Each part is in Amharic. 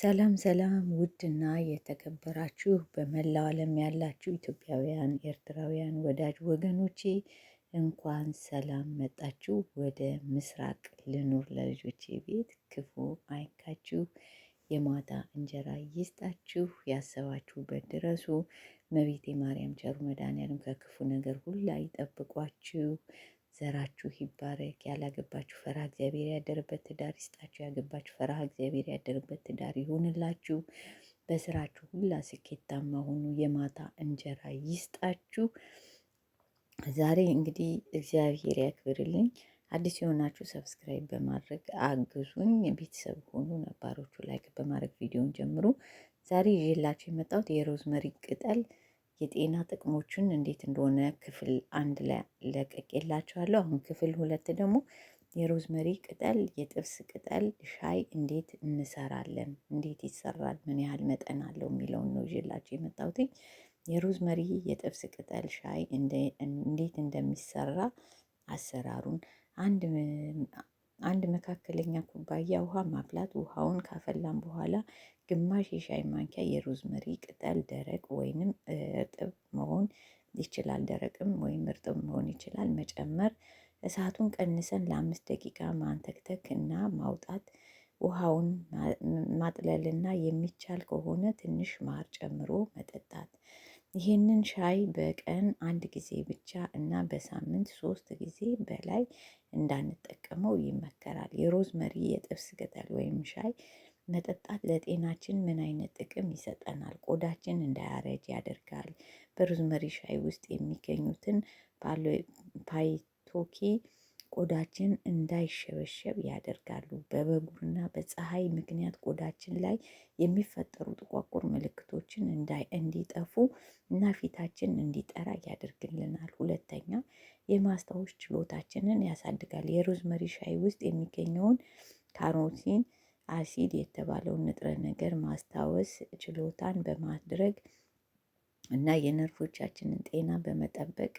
ሰላም ሰላም ውድና የተከበራችሁ በመላው ዓለም ያላችሁ ኢትዮጵያውያን፣ ኤርትራውያን ወዳጅ ወገኖቼ እንኳን ሰላም መጣችሁ። ወደ ምስራቅ ልኑር ለልጆቼ ቤት ክፉ አይካችሁ፣ የማታ እንጀራ ይስጣችሁ፣ ያሰባችሁበት ድረሱ። መቤቴ ማርያም ቸሩ መድኃኔዓለም ከክፉ ነገር ሁላ ይጠብቋችሁ። ዘራችሁ ይባረክ። ያላገባችሁ ፈርሃ እግዚአብሔር ያደርበት ትዳር ይስጣችሁ። ያገባችሁ ፈርሃ እግዚአብሔር ያደርበት ትዳር ይሁንላችሁ። በስራችሁ ሁላ ስኬታማ ሁኑ። የማታ እንጀራ ይስጣችሁ። ዛሬ እንግዲህ እግዚአብሔር ያክብርልኝ። አዲስ የሆናችሁ ሰብስክራይብ በማድረግ አግዙኝ፣ ቤተሰብ ሆኑ። ነባሮቹ ላይክ በማድረግ ቪዲዮን ጀምሩ። ዛሬ ይዤላችሁ የመጣሁት የሮዝመሪ ቅጠል የጤና ጥቅሞቹን እንዴት እንደሆነ ክፍል አንድ ላይ ለቀቄላችኋለሁ። አሁን ክፍል ሁለት ደግሞ የሮዝመሪ ቅጠል፣ የጥብስ ቅጠል ሻይ እንዴት እንሰራለን፣ እንዴት ይሰራል፣ ምን ያህል መጠን አለው የሚለውን ነው ይዤላችሁ የመጣሁት። የሮዝመሪ የጥብስ ቅጠል ሻይ እንዴት እንደሚሰራ አሰራሩን አንድ አንድ መካከለኛ ኩባያ ውሃ ማፍላት፣ ውሃውን ካፈላን በኋላ ግማሽ የሻይ ማንኪያ የሮዝመሪ ቅጠል ደረቅ ወይንም እርጥብ መሆን ይችላል። ደረቅም ወይም እርጥብ መሆን ይችላል መጨመር። እሳቱን ቀንሰን ለአምስት ደቂቃ ማንተክተክ እና ማውጣት። ውሃውን ማጥለልና የሚቻል ከሆነ ትንሽ ማር ጨምሮ መጠጣት። ይህንን ሻይ በቀን አንድ ጊዜ ብቻ እና በሳምንት ሶስት ጊዜ በላይ እንዳንጠቀመው ይመከራል። የሮዝመሪ የጥብስ ቅጠል ወይም ሻይ መጠጣት ለጤናችን ምን አይነት ጥቅም ይሰጠናል? ቆዳችን እንዳያረጅ ያደርጋል። በሩዝመሪ ሻይ ውስጥ የሚገኙትን ፓይቶኪ ቆዳችን እንዳይሸበሸብ ያደርጋሉ። በበጉርና በፀሐይ ምክንያት ቆዳችን ላይ የሚፈጠሩ ጥቋቁር ምልክቶችን እንዲጠፉ እና ፊታችን እንዲጠራ ያደርግልናል። ሁለተኛ የማስታወስ ችሎታችንን ያሳድጋል። የሩዝመሪ ሻይ ውስጥ የሚገኘውን ካሮቲን አሲድ የተባለውን ንጥረ ነገር ማስታወስ ችሎታን በማድረግ እና የነርቮቻችንን ጤና በመጠበቅ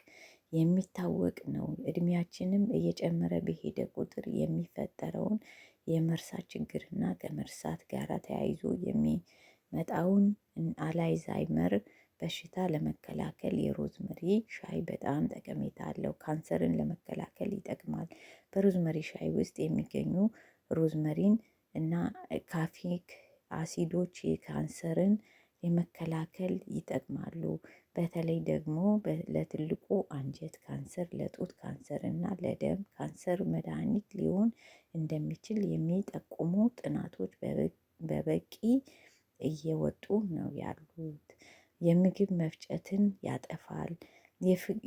የሚታወቅ ነው። እድሜያችንም እየጨመረ በሄደ ቁጥር የሚፈጠረውን የመርሳት ችግርና ከመርሳት ጋር ተያይዞ የሚመጣውን አላይዛይመር በሽታ ለመከላከል የሮዝመሪ ሻይ በጣም ጠቀሜታ አለው። ካንሰርን ለመከላከል ይጠቅማል። በሮዝመሪ ሻይ ውስጥ የሚገኙ ሮዝመሪን እና ካፊክ አሲዶች የካንሰርን የመከላከል ይጠቅማሉ። በተለይ ደግሞ ለትልቁ አንጀት ካንሰር፣ ለጡት ካንሰር እና ለደም ካንሰር መድኃኒት ሊሆን እንደሚችል የሚጠቁሙ ጥናቶች በበቂ እየወጡ ነው ያሉት። የምግብ መፍጨትን ያጠፋል።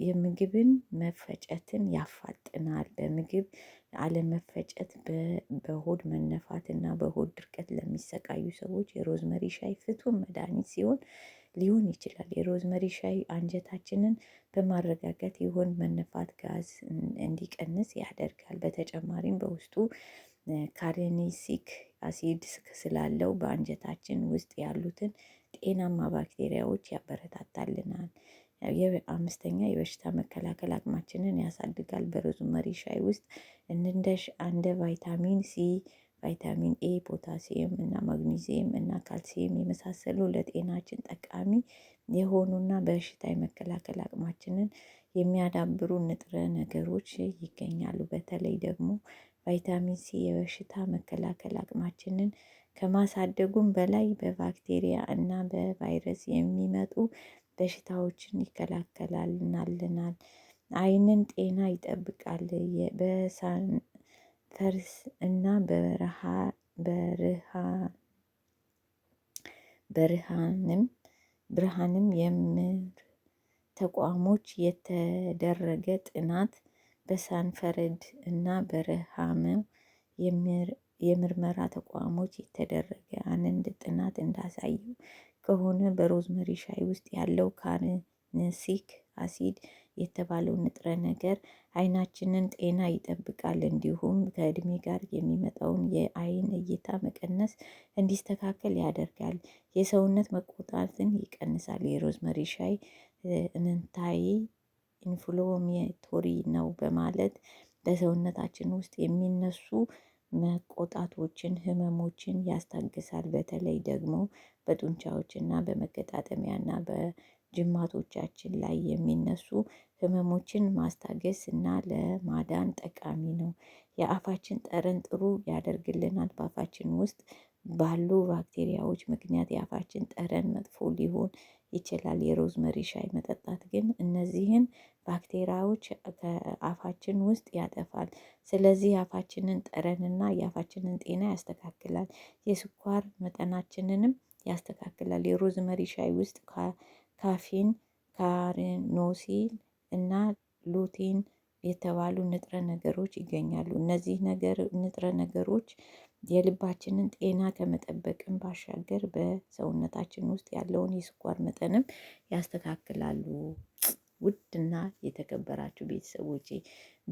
የምግብን መፈጨትን ያፋጥናል። በምግብ አለመፈጨት፣ በሆድ መነፋት እና በሆድ ድርቀት ለሚሰቃዩ ሰዎች የሮዝመሪ ሻይ ፍቱን መድኃኒት ሲሆን ሊሆን ይችላል። የሮዝመሪ ሻይ አንጀታችንን በማረጋጋት የሆድ መነፋት ጋዝ እንዲቀንስ ያደርጋል። በተጨማሪም በውስጡ ካሬኒሲክ አሲድ ስላለው በአንጀታችን ውስጥ ያሉትን ጤናማ ባክቴሪያዎች ያበረታታልናል። አምስተኛ የበሽታ መከላከል አቅማችንን ያሳድጋል። በሮዝመሪ ሻይ ውስጥ እንደ ቫይታሚን ሲ፣ ቫይታሚን ኤ፣ ፖታሲየም እና ማግኒዚየም እና ካልሲየም የመሳሰሉ ለጤናችን ጠቃሚ የሆኑና በሽታ የመከላከል አቅማችንን የሚያዳብሩ ንጥረ ነገሮች ይገኛሉ። በተለይ ደግሞ ቫይታሚን ሲ የበሽታ መከላከል አቅማችንን ከማሳደጉም በላይ በባክቴሪያ እና በቫይረስ የሚመጡ በሽታዎችን ይከላከላልናልናል። አይንን ጤና ይጠብቃል። በሳንፈርስ እና በረሃ በርሃ በርሃንም ብርሃንም የምር ተቋሞች የተደረገ ጥናት በሳንፈረድ እና በረሃመ የምርመራ ተቋሞች የተደረገ አንድ ጥናት እንዳሳየው ከሆነ በሮዝመሪ ሻይ ውስጥ ያለው ካንሲክ አሲድ የተባለው ንጥረ ነገር አይናችንን ጤና ይጠብቃል። እንዲሁም ከእድሜ ጋር የሚመጣውን የአይን እይታ መቀነስ እንዲስተካከል ያደርጋል። የሰውነት መቆጣትን ይቀንሳል። የሮዝመሪ ሻይ እንታይ ኢንፍሎሜቶሪ ነው በማለት በሰውነታችን ውስጥ የሚነሱ መቆጣቶችን ህመሞችን ያስታግሳል። በተለይ ደግሞ በጡንቻዎችና በመገጣጠሚያና በጅማቶቻችን ላይ የሚነሱ ህመሞችን ማስታገስ እና ለማዳን ጠቃሚ ነው። የአፋችን ጠረን ጥሩ ያደርግልናል በአፋችን ውስጥ ባሉ ባክቴሪያዎች ምክንያት የአፋችን ጠረን መጥፎ ሊሆን ይችላል። የሮዝመሪ ሻይ መጠጣት ግን እነዚህን ባክቴሪያዎች ከአፋችን ውስጥ ያጠፋል። ስለዚህ የአፋችንን ጠረንና የአፋችንን ጤና ያስተካክላል። የስኳር መጠናችንንም ያስተካክላል። የሮዝመሪ ሻይ ውስጥ ካፊን፣ ካርኖሲል እና ሉቲን የተባሉ ንጥረ ነገሮች ይገኛሉ። እነዚህ ንጥረ ነገሮች የልባችንን ጤና ከመጠበቅም ባሻገር በሰውነታችን ውስጥ ያለውን የስኳር መጠንም ያስተካክላሉ። ውድና የተከበራችሁ ቤተሰቦቼ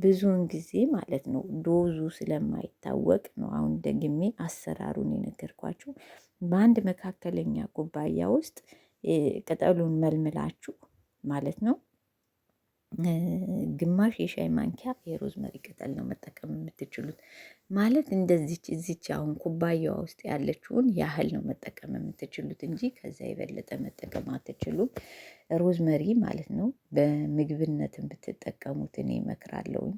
ብዙውን ጊዜ ማለት ነው ዶዙ ስለማይታወቅ ነው አሁን ደግሜ አሰራሩን የነገርኳችሁ። በአንድ መካከለኛ ኩባያ ውስጥ ቅጠሉን መልምላችሁ ማለት ነው ግማሽ የሻይ ማንኪያ የሮዝመሪ ቅጠል ነው መጠቀም የምትችሉት። ማለት እንደዚች እዚች አሁን ኩባያዋ ውስጥ ያለችውን ያህል ነው መጠቀም የምትችሉት እንጂ ከዛ የበለጠ መጠቀም አትችሉም። ሮዝመሪ ማለት ነው በምግብነትን ብትጠቀሙት እኔ እመክራለሁኝ።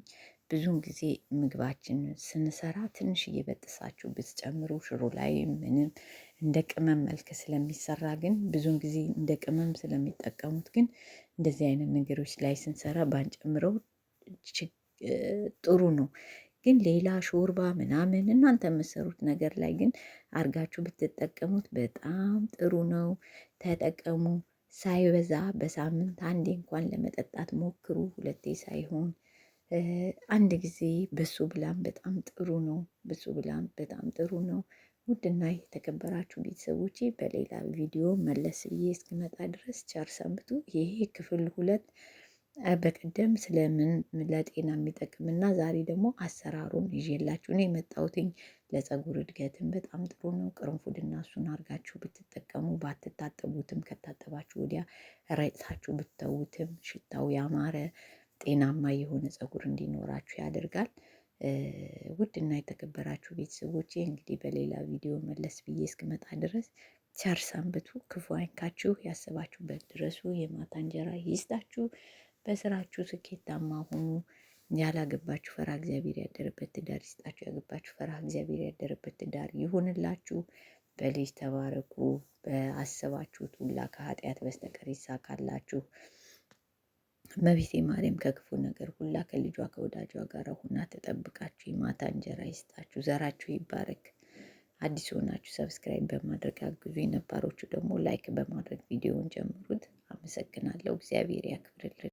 ብዙን ጊዜ ምግባችንን ስንሰራ ትንሽዬ በጥሳችሁ ብትጨምሩ ሽሮ ላይ ምንም እንደ ቅመም መልክ ስለሚሰራ ግን ብዙን ጊዜ እንደ ቅመም ስለሚጠቀሙት ግን እንደዚህ አይነት ነገሮች ላይ ስንሰራ ባንጨምረው ጥሩ ነው። ግን ሌላ ሾርባ ምናምን እናንተ የምሰሩት ነገር ላይ ግን አርጋችሁ ብትጠቀሙት በጣም ጥሩ ነው። ተጠቀሙ። ሳይበዛ በሳምንት አንዴ እንኳን ለመጠጣት ሞክሩ። ሁለቴ ሳይሆን አንድ ጊዜ ብሱ ብላም በጣም ጥሩ ነው። ብሱ ብላም በጣም ጥሩ ነው። ውድና የተከበራችሁ ቤተሰቦች በሌላ ቪዲዮ መለስ ብዬ እስክመጣ ድረስ ቸር ሰንብቱ። ይሄ ክፍል ሁለት በቀደም ስለምን ለጤና የሚጠቅምና ዛሬ ደግሞ አሰራሩን ይዤላችሁ ነው የመጣሁትኝ። ለፀጉር እድገትም በጣም ጥሩ ነው። ቅርንፉድና እሱን አድርጋችሁ ብትጠቀሙ ባትታጠቡትም፣ ከታጠባችሁ ወዲያ ረጭታችሁ ብትተዉትም ሽታው ያማረ ጤናማ የሆነ ፀጉር እንዲኖራችሁ ያደርጋል። ውድና የተከበራችሁ ቤተሰቦቼ እንግዲህ በሌላ ቪዲዮ መለስ ብዬ እስክመጣ ድረስ ቸር ሰንብቱ። ክፉ አይንካችሁ። ያሰባችሁበት ድረሱ። የማታ እንጀራ ይስጣችሁ። በስራችሁ ስኬታማ ሁኑ። ያላገባችሁ ፈራ እግዚአብሔር ያደረበት ትዳር ይስጣችሁ። ያገባችሁ ፈራ እግዚአብሔር ያደረበት ትዳር ይሁንላችሁ። በልጅ ተባረኩ። በአሰባችሁት ሁላ ከኃጢአት በስተቀር ይሳካላችሁ። እመቤቴ ማርያም ከክፉ ነገር ሁላ ከልጇ ከወዳጇ ጋር ሁና ተጠብቃችሁ የማታ እንጀራ ይስጣችሁ፣ ዘራችሁ ይባረክ። አዲስ ሆናችሁ ሰብስክራይብ በማድረግ አግዙ። የነባሮቹ ደግሞ ላይክ በማድረግ ቪዲዮውን ጀምሩት። አመሰግናለሁ። እግዚአብሔር ያክብርልን።